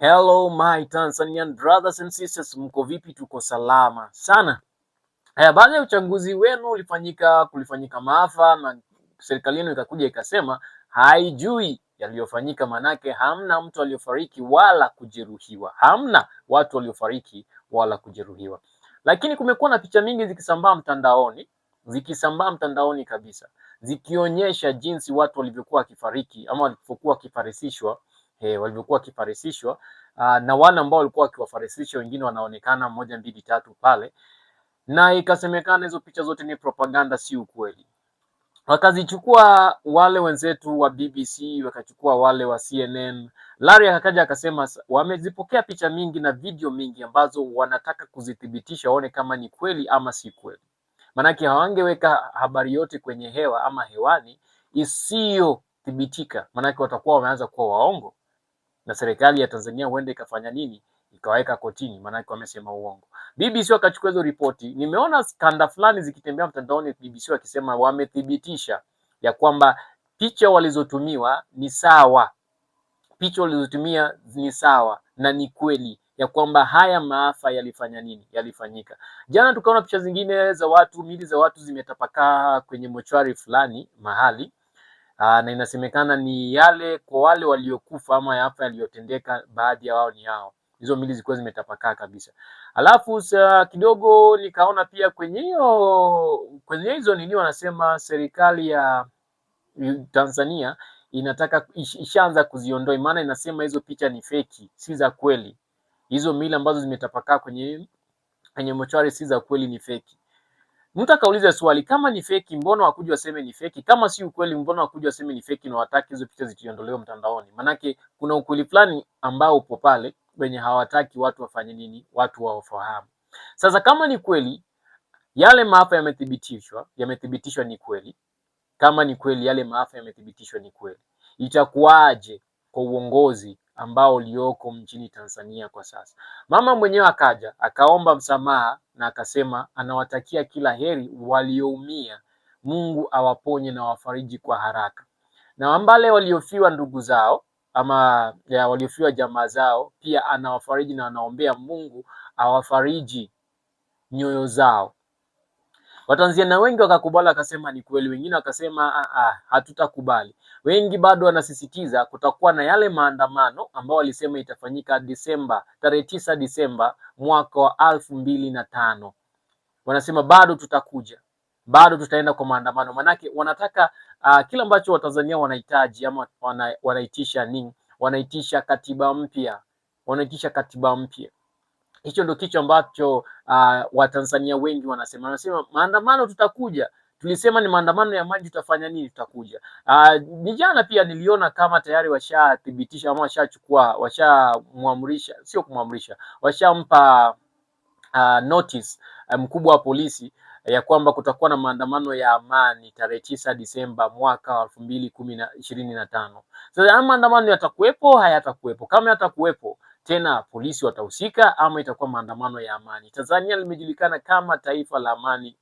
Hello my Tanzanian brothers and sisters, mko vipi? Tuko salama sana. Haya, baada ya uchaguzi wenu ulifanyika, kulifanyika maafa na serikali yenu ikakuja ikasema haijui yaliyofanyika, manake hamna mtu aliyofariki wala kujeruhiwa, hamna watu waliofariki wala kujeruhiwa, lakini kumekuwa na picha mingi zikisambaa mtandaoni, zikisambaa mtandaoni kabisa, zikionyesha jinsi watu walivyokuwa wakifariki ama walivyokuwa wakifarisishwa eh, walivyokuwa wakifarisishwa ah, na wale ambao walikuwa wakiwafarisisha wengine wanaonekana moja mbili tatu pale, na ikasemekana hizo picha zote ni propaganda, si ukweli. Wakazichukua wale wenzetu wa BBC, wakachukua wale wa CNN. Larry akaja akasema wamezipokea picha mingi na video mingi ambazo wanataka kuzithibitisha, waone kama ni kweli ama si kweli, maanake hawangeweka habari yote kwenye hewa ama hewani isiyothibitika, maanake watakuwa wameanza kuwa waongo na serikali ya Tanzania huenda ikafanya nini, ikaweka kotini, maanake wamesema uongo. BBC wakachukua hizo ripoti. Nimeona kanda fulani zikitembea mtandaoni, BBC wakisema wamethibitisha ya kwamba picha walizotumiwa ni sawa, picha walizotumia ni sawa na ni kweli ya kwamba haya maafa yalifanya nini, yalifanyika. Jana tukaona picha zingine za watu, mili za watu zimetapakaa kwenye mochwari fulani mahali Aa, ah, na inasemekana ni yale kwa wale waliokufa ama yafa yaliyotendeka baadhi ya wao ni hao. Hizo mili zilikuwa zimetapakaa kabisa. Alafu sa, kidogo nikaona pia kwenye hiyo kwenye hizo nini wanasema serikali ya Tanzania inataka ishaanza kuziondoa, maana inasema hizo picha ni feki, si za kweli. Hizo mili ambazo zimetapakaa kwenye kwenye mochwari si za kweli, ni feki. Mtu akauliza swali, kama ni feki mbona wakuja waseme ni feki? Kama si ukweli mbona wakuja waseme ni feki na wataki hizo picha zitiondolewe mtandaoni? Manake kuna ukweli fulani ambao upo pale wenye hawataki watu wafanye nini, watu waofahamu. Sasa kama ni kweli yale maafa yamethibitishwa, yamethibitishwa ni kweli, kama ni kweli yale maafa yamethibitishwa ni kweli, itakuwaje kwa uongozi ambao ulioko mchini Tanzania kwa sasa. Mama mwenyewe akaja akaomba msamaha na akasema anawatakia kila heri walioumia, Mungu awaponye na wafariji kwa haraka, na wambale waliofiwa ndugu zao ama ya waliofiwa jamaa zao pia anawafariji na anaombea Mungu awafariji nyoyo zao. Watanzania wengi wakakubali, wakasema ni kweli, wengine wakasema ah, ah, hatutakubali. Wengi bado wanasisitiza kutakuwa na yale maandamano ambao walisema itafanyika Disemba tarehe tisa Disemba mwaka wa alfu mbili na tano. Wanasema bado tutakuja, bado tutaenda kwa maandamano, manake wanataka uh, ah, kila ambacho Watanzania wanahitaji ama wanaitisha nini, wanaitisha katiba mpya, wanaitisha katiba mpya Hicho ndio kicho ambacho uh, Watanzania wengi wanasema, wanasema maandamano tutakuja tulisema ni maandamano ya maji, tutafanya nini? Tutakuja. Ah, ni jana pia niliona kama tayari washathibitisha ama washachukua, washamwamrisha, sio kumwamrisha, washampa uh, notice eh, mkubwa um, wa polisi eh, ya kwamba kutakuwa na maandamano ya amani tarehe tisa Disemba mwaka wa elfu mbili ishirini na tano. Sasa maandamano yatakuwepo hayatakuwepo? Kama yatakuwepo tena polisi watahusika ama itakuwa maandamano ya amani? Tanzania limejulikana kama taifa la amani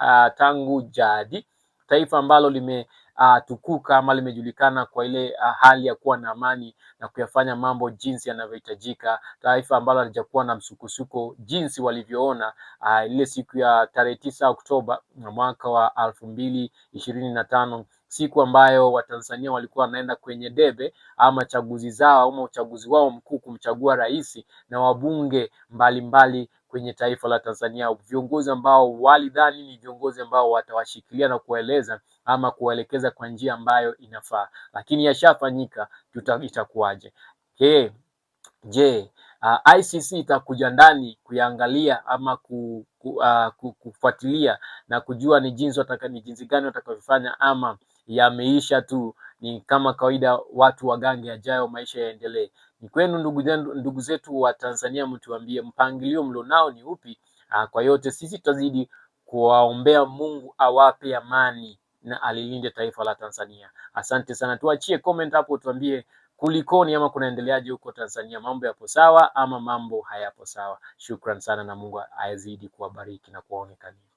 uh, tangu jadi, taifa ambalo limetukuka uh, ama limejulikana kwa ile uh, hali ya kuwa na amani na kuyafanya mambo jinsi yanavyohitajika, taifa ambalo halijakuwa na msukosuko jinsi walivyoona uh, ile siku ya tarehe tisa Oktoba mwaka wa elfu mbili ishirini na tano siku ambayo Watanzania walikuwa wanaenda kwenye debe ama chaguzi zao ama uchaguzi wao mkuu kumchagua rais na wabunge mbalimbali mbali kwenye taifa la Tanzania, viongozi ambao walidhani ni viongozi ambao watawashikilia na kuwaeleza ama kuwaelekeza kwa njia ambayo inafaa, lakini yashafanyika, itakuwaje? Je, je, uh, ah, ICC itakuja ndani kuyaangalia ama ku, ku, uh, kufuatilia na kujua ni jinsi ni jinsi gani watakavyofanya ama yameisha tu, ni kama kawaida, watu wagange, ajayo maisha yaendelee. Ni kwenu ndugu, ndugu zetu wa Tanzania, mtuambie mpangilio mlionao ni upi? Ah, kwa yote sisi tutazidi kuwaombea Mungu awape amani na alilinde taifa la Tanzania. Asante sana, tuachie comment hapo, tuambie kulikoni ama kunaendeleaje huko Tanzania, mambo yapo sawa ama mambo hayapo sawa? Shukran sana, na Mungu azidi kuwabariki na kuwaonekania.